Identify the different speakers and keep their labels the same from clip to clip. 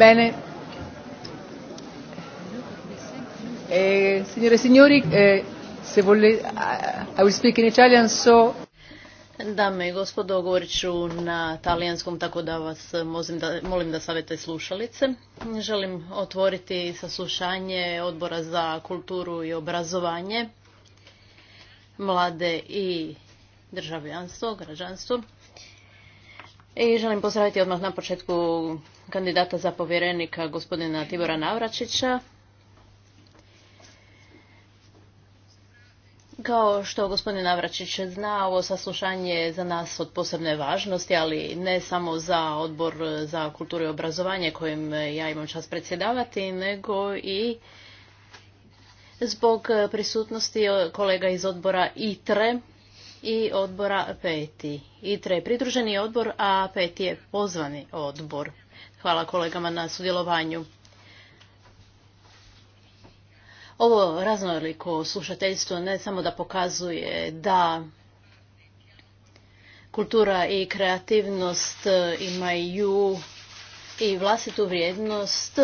Speaker 1: Bene. Eh, signore e signori, eh, se eh, I will speak in Italian, so... Dame i gospodo, govorit ću na talijanskom, tako da vas molim da savete slušalice. Želim otvoriti saslušanje Odbora za kulturu i obrazovanje, mlade i državljanstvo, građanstvo. I želim pozdraviti odmah na početku kandidata za povjerenika gospodina Tibora Navračića. Kao što gospodin Navračić zna, ovo saslušanje je za nas od posebne važnosti, ali ne samo za odbor za kulturu i obrazovanje kojim ja imam čas predsjedavati, nego i zbog prisutnosti kolega iz odbora ITRE i odbora peti. ITRE je pridruženi odbor, a peti je pozvani odbor. Hvala kolegama na sudjelovanju. Ovo raznoliko slušateljstvo ne samo da pokazuje da kultura i kreativnost imaju i vlastitu vrijednost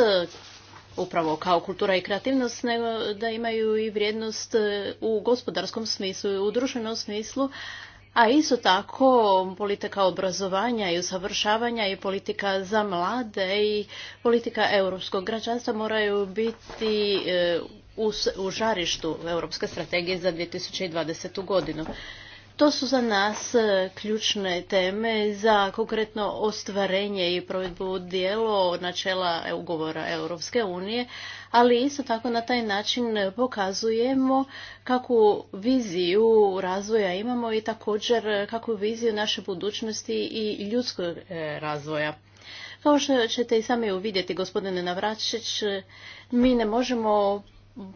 Speaker 1: upravo kao kultura i kreativnost, nego da imaju i vrijednost e, u gospodarskom smislu i u društvenom smislu, a isto tako politika obrazovanja i usavršavanja i politika za mlade i politika europskog građanstva moraju biti e, u žarištu Europske strategije za 2020. godinu. To su za nas e, ključne teme za konkretno ostvarenje i provedbu dijelo načela ugovora Europske unije, ali isto tako na taj način pokazujemo kakvu viziju razvoja imamo i također kakvu viziju naše budućnosti i ljudskog e, razvoja. Kao što ćete i sami uvidjeti, gospodine Navračić, mi ne možemo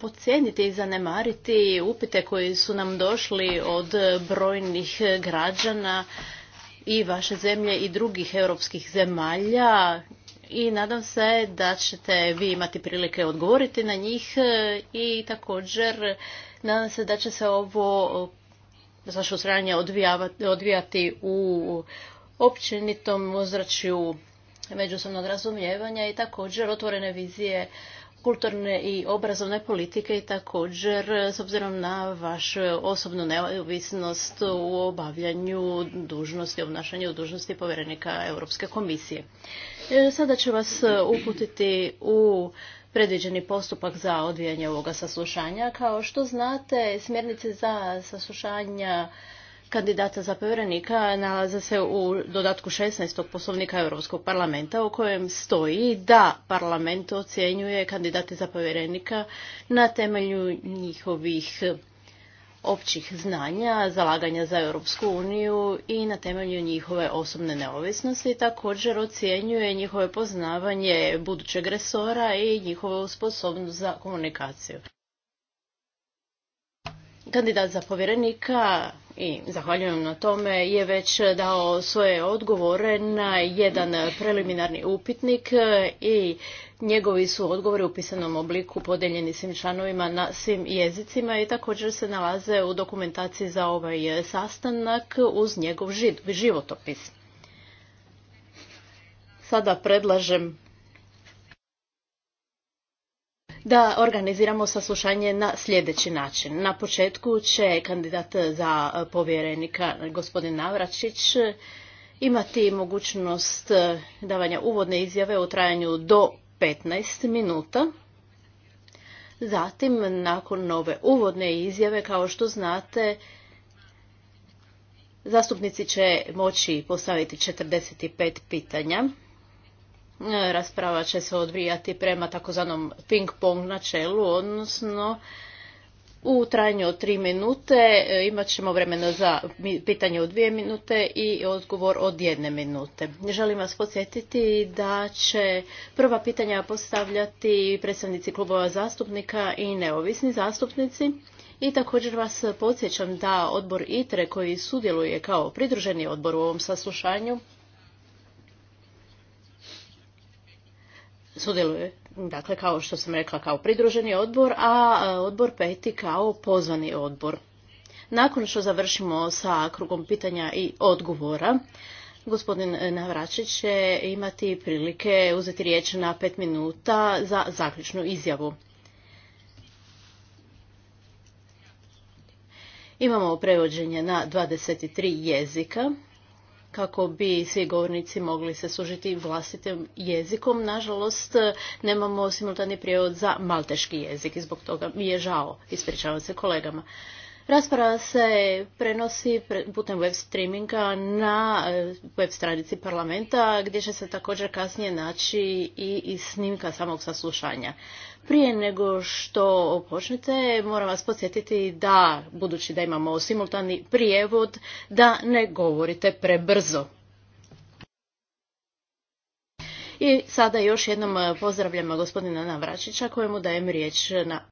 Speaker 1: podcijeniti i zanemariti upite koji su nam došli od brojnih građana i vaše zemlje i drugih europskih zemalja i nadam se da ćete vi imati prilike odgovoriti na njih e, i također nadam se da će se ovo zašto e, vaše odvijati u općenitom ozračju međusobnog razumijevanja i također otvorene vizije kulturne i obrazovne politike i također s obzirom na vašu osobnu neovisnost u obavljanju dužnosti, obnašanju dužnosti povjerenika Europske komisije. E, sada ću vas uputiti u predviđeni postupak za odvijanje ovoga saslušanja. Kao što znate, smjernice za saslušanja kandidata za povjerenika nalaze se u dodatku 16. poslovnika Europskog parlamenta u kojem stoji da parlament ocjenjuje kandidate za povjerenika na temelju njihovih općih znanja, zalaganja za Europsku uniju i na temelju njihove osobne neovisnosti. Također ocjenjuje njihove poznavanje budućeg resora i njihovu sposobnost za komunikaciju. Kandidat za povjerenika i zahvaljujem na tome, je već dao svoje odgovore na jedan preliminarni upitnik i njegovi su odgovori u pisanom obliku podeljeni svim članovima na svim jezicima i također se nalaze u dokumentaciji za ovaj sastanak uz njegov životopis. Sada predlažem da organiziramo saslušanje na sljedeći način. Na početku će kandidat za povjerenika gospodin Navračić imati mogućnost davanja uvodne izjave u trajanju do 15 minuta. Zatim, nakon nove uvodne izjave, kao što znate, zastupnici će moći postaviti 45 pitanja Rasprava će se odvijati prema takozvanom ping-pong načelu, odnosno u trajanju od tri minute e, imat ćemo vremena za pitanje od dvije minute i odgovor od jedne minute. Želim vas podsjetiti da će prva pitanja postavljati predstavnici klubova zastupnika i neovisni zastupnici. I također vas podsjećam da odbor ITRE koji sudjeluje kao pridruženi odbor u ovom saslušanju sudjeluje, dakle kao što sam rekla kao pridruženi odbor, a e, odbor peti kao pozvani odbor. Nakon što završimo sa krugom pitanja i odgovora, gospodin e, Navračić će imati prilike uzeti riječ na pet minuta za zaključnu izjavu. Imamo prevođenje na 23 jezika kako bi svi govornici mogli se služiti vlastitim jezikom. Nažalost, nemamo simultani prijevod za malteški jezik i zbog toga mi je žao. Ispričavam se kolegama. Rasprava se prenosi putem web streaminga na e, web stranici parlamenta gdje će se također kasnije naći i snimka samog saslušanja. Prije nego što počnete, moram vas podsjetiti da, budući da imamo simultani prijevod, da ne govorite prebrzo. I sada još jednom e, pozdravljam gospodina Navračića kojemu dajem riječ na